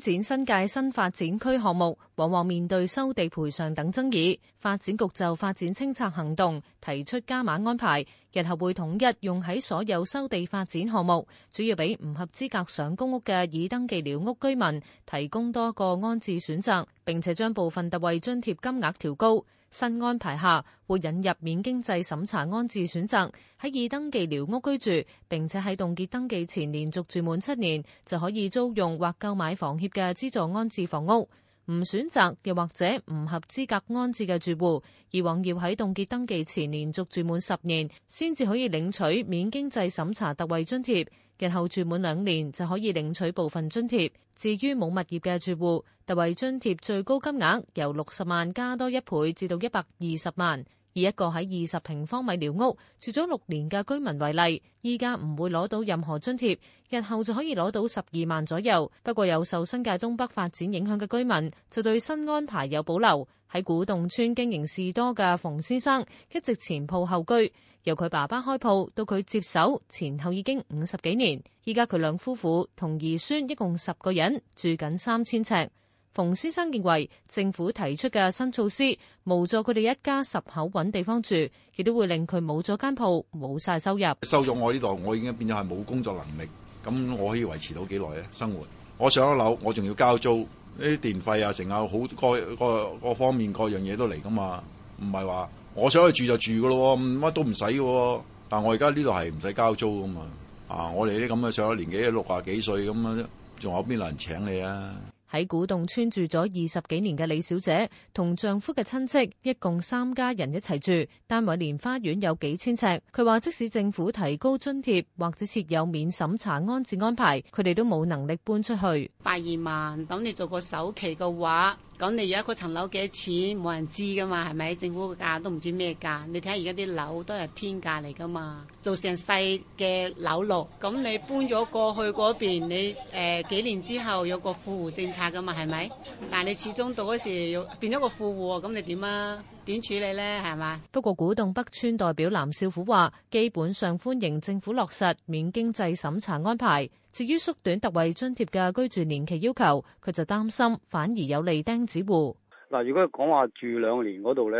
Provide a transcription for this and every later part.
展新界新發展區項目，往往面對收地賠償等爭議，發展局就發展清拆行動提出加碼安排。日後會統一用喺所有收地發展項目，主要俾唔合資格上公屋嘅已登記寮屋居民提供多個安置選擇，並且將部分特惠津貼金額調高。新安排下，會引入免經濟審查安置選擇，喺已登記寮屋居，居住，並且喺凍結登記前連續住滿七年就可以租用或購買房協嘅資助安置房屋。唔選擇又或者唔合資格安置嘅住戶，以往要喺凍結登記前連續住滿十年，先至可以領取免經濟審查特惠津貼；日後住滿兩年就可以領取部分津貼。至於冇物業嘅住戶，特惠津貼最高金額由六十萬加多一倍至到一百二十萬。以一個喺二十平方米寮屋住咗六年嘅居民為例，依家唔會攞到任何津貼，日後就可以攞到十二萬左右。不過有受新界東北發展影響嘅居民，就對新安排有保留。喺古洞村經營士多嘅馮先生，一直前鋪後居，由佢爸爸開鋪到佢接手，前後已經五十幾年。依家佢兩夫婦同兒孫一共十個人，住緊三千尺。馮先生認為政府提出嘅新措施，無助佢哋一家十口揾地方住，亦都會令佢冇咗間鋪，冇晒收入。收咗我呢度，我已經變咗係冇工作能力，咁我可以維持到幾耐咧？生活我上咗樓，我仲要交租，呢啲電費啊，成日好各各各方面各樣嘢都嚟噶嘛。唔係話我想去住就住噶咯，乜都唔使噶。但我而家呢度係唔使交租噶嘛。啊，我哋啲咁嘅上咗年紀，六廿幾歲咁啊，仲有邊有人請你啊？喺古洞村住咗二十幾年嘅李小姐，同丈夫嘅親戚一共三家人一齊住，單位連花園有幾千尺。佢話即使政府提高津貼或者設有免審查安置安排，佢哋都冇能力搬出去。百二萬，等你做個首期嘅話。咁你而家嗰層樓幾多錢？冇人知噶嘛，係咪？政府個價都唔知咩價。你睇下而家啲樓都係天價嚟噶嘛，做成細嘅樓落。咁你搬咗過去嗰邊，你誒、呃、幾年之後有個富戶政策噶嘛，係咪？但係你始終到嗰時要變咗個富戶，咁你點啊？點處理咧？係嘛？不過古洞北村代表藍少虎話，基本上歡迎政府落實免經濟審查安排。至於縮短特惠津貼嘅居住年期要求，佢就擔心反而有利釘子戶。嗱，如果講話住兩年嗰度咧？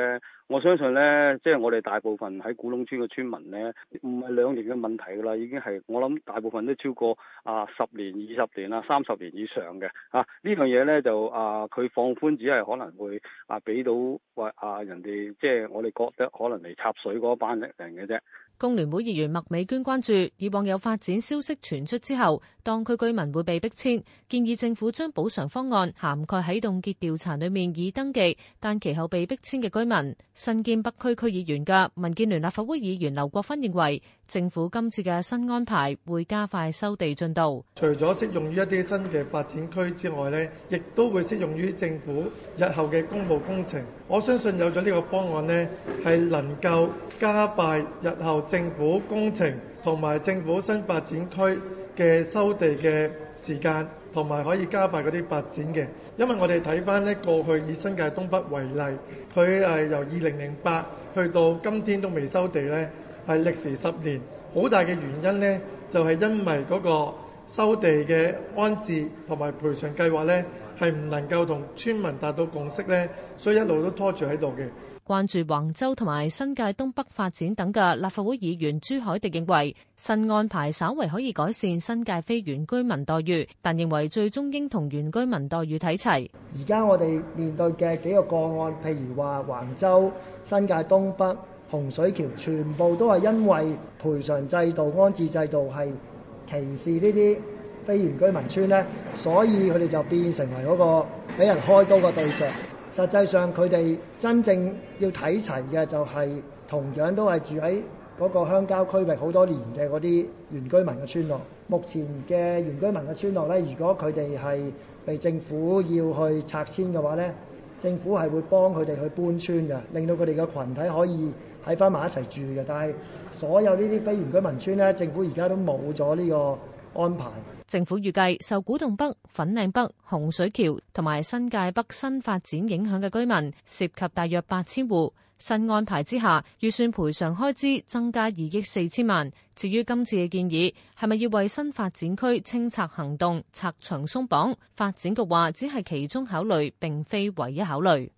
我相信咧，即係我哋大部分喺古龍村嘅村民咧，唔係兩年嘅問題噶啦，已經係我諗大部分都超過啊十年、二十年啦、三十年以上嘅啊。呢樣嘢咧就啊，佢放寬只係可能會啊俾到喂啊人哋即係我哋覺得可能嚟插水嗰班人嘅啫。工聯會議員麥美娟關注以往有發展消息傳出之後，當區居民會被逼遷，建議政府將補償方案涵蓋喺凍結調查裏面已登記，但其後被逼遷嘅居民。新界北區區議員嘅民建聯立法會議員劉國勳認為。政府今次嘅新安排會加快收地進度，除咗適用於一啲新嘅發展區之外，呢亦都會適用於政府日後嘅公務工程。我相信有咗呢個方案，呢係能夠加快日後政府工程同埋政府新發展區嘅收地嘅時間，同埋可以加快嗰啲發展嘅。因為我哋睇翻呢過去以新界東北為例，佢誒由二零零八去到今天都未收地呢，係歷時十年，好大嘅原因呢，就係、是、因為嗰個收地嘅安置同埋賠償計劃呢，係唔能夠同村民達到共識呢，所以一路都拖住喺度嘅。關注橫洲同埋新界東北發展等嘅立法會議員朱凱迪認為，新安排稍為可以改善新界非原居民待遇，但認為最終應同原居民待遇睇齊。而家我哋面對嘅幾個個案，譬如話橫洲、新界東北。洪水橋全部都係因為賠償制度、安置制度係歧視呢啲非原居民村呢，所以佢哋就變成為嗰個俾人開刀嘅對象。實際上佢哋真正要睇齊嘅就係同樣都係住喺嗰個鄉郊區域好多年嘅嗰啲原居民嘅村落。目前嘅原居民嘅村落呢，如果佢哋係被政府要去拆遷嘅話呢。政府係會幫佢哋去搬村㗎，令到佢哋嘅群體可以喺翻埋一齊住㗎。但係所有呢啲非原居民村咧，政府而家都冇咗呢個安排。政府預計受古洞北、粉嶺北、洪水橋同埋新界北新發展影響嘅居民，涉及大約八千戶。新安排之下，預算賠償開支增加二億四千萬。至於今次嘅建議，係咪要為新發展區清拆行動，拆牆鬆綁？發展局話，只係其中考慮，並非唯一考慮。